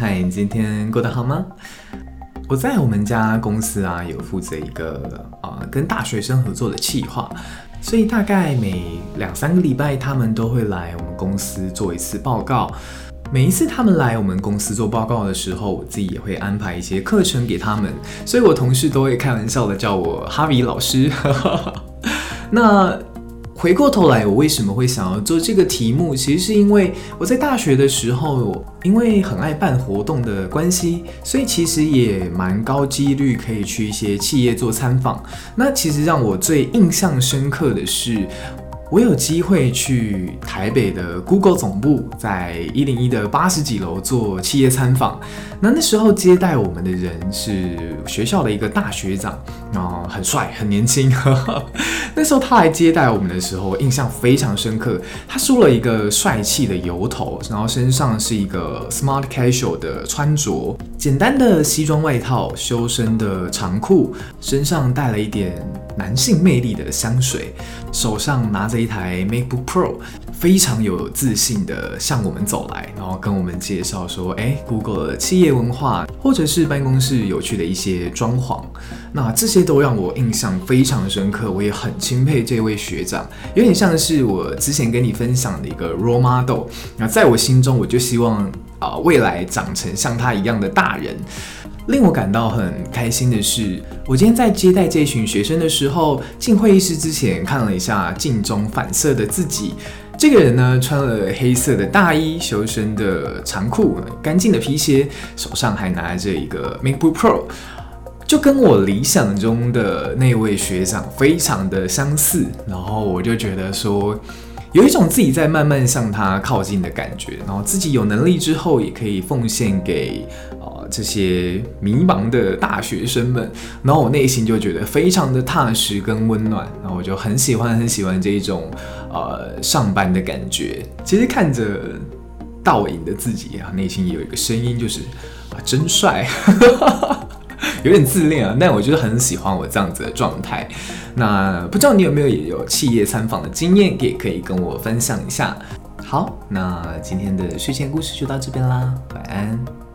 嗨，你今天過得好嗎？我在我們家公司啊，有負責一個啊、呃、跟大學生合作的企劃，所以大概每兩三個禮拜，他們都會來我們公司做一次報告。每一次他們來我們公司做報告的時候，我自己也會安排一些課程給他們，所以我同事都會開玩笑的叫我哈比老師。 那。回過頭來，我為什麼會想要做這個題目？其實是因為我在大學的時候，因為很愛辦活動的關係，所以其實也蠻高機率可以去一些企業做參訪。那其實讓我最印象深刻的是。我有機會去台北的 Google 總部，在一零一的八十幾樓做企業參訪。那那時候接待我們的人是學校的一個大學長，啊，很帥，很年輕。 那時候他來接待我們的時候，印象非常深刻。他梳了一個帥氣的油頭，然後身上是一個 smart casual 的穿着，簡單的西裝外套，修身的長褲，身上帶了一點男性魅力的香水，手上拿着。一台 MacBook Pro，非常有自信的向我們走來，然後跟我們介紹說：“哎，Google 的企業文化，或者是辦公室有趣的一些裝潢，那這些都讓我印象非常深刻，我也很欽佩這位學長，有點像是我之前跟你分享的一個 role model。那在我心中，我就希望啊、呃，未來長成像他一樣的大人。”令我感到很開心的是，我今天在接待這群學生的時候，進會議室之前看了一下鏡中反射的自己。這個人呢，穿了黑色的大衣、修身的長褲、乾淨的皮鞋，手上還拿着一個 MacBook Pro，就跟我理想中的那位學長非常的相似。然後我就覺得說，有一種自己在慢慢向他靠近的感覺，然後自己有能力之後也可以奉獻給啊、呃、這些迷茫的大學生們，然後我內心就覺得非常的踏實跟溫暖，然後我就很喜歡很喜歡這一種呃上班的感覺。其實看着倒影的自己啊，內心也有一個聲音就是啊真帥。 有點自戀啊，但我覺得很喜歡我這樣子的狀態。那不知道你有沒有也有企業參訪的經驗，也可以跟我分享一下。好，那今天的睡前故事就到這邊啦，晚安。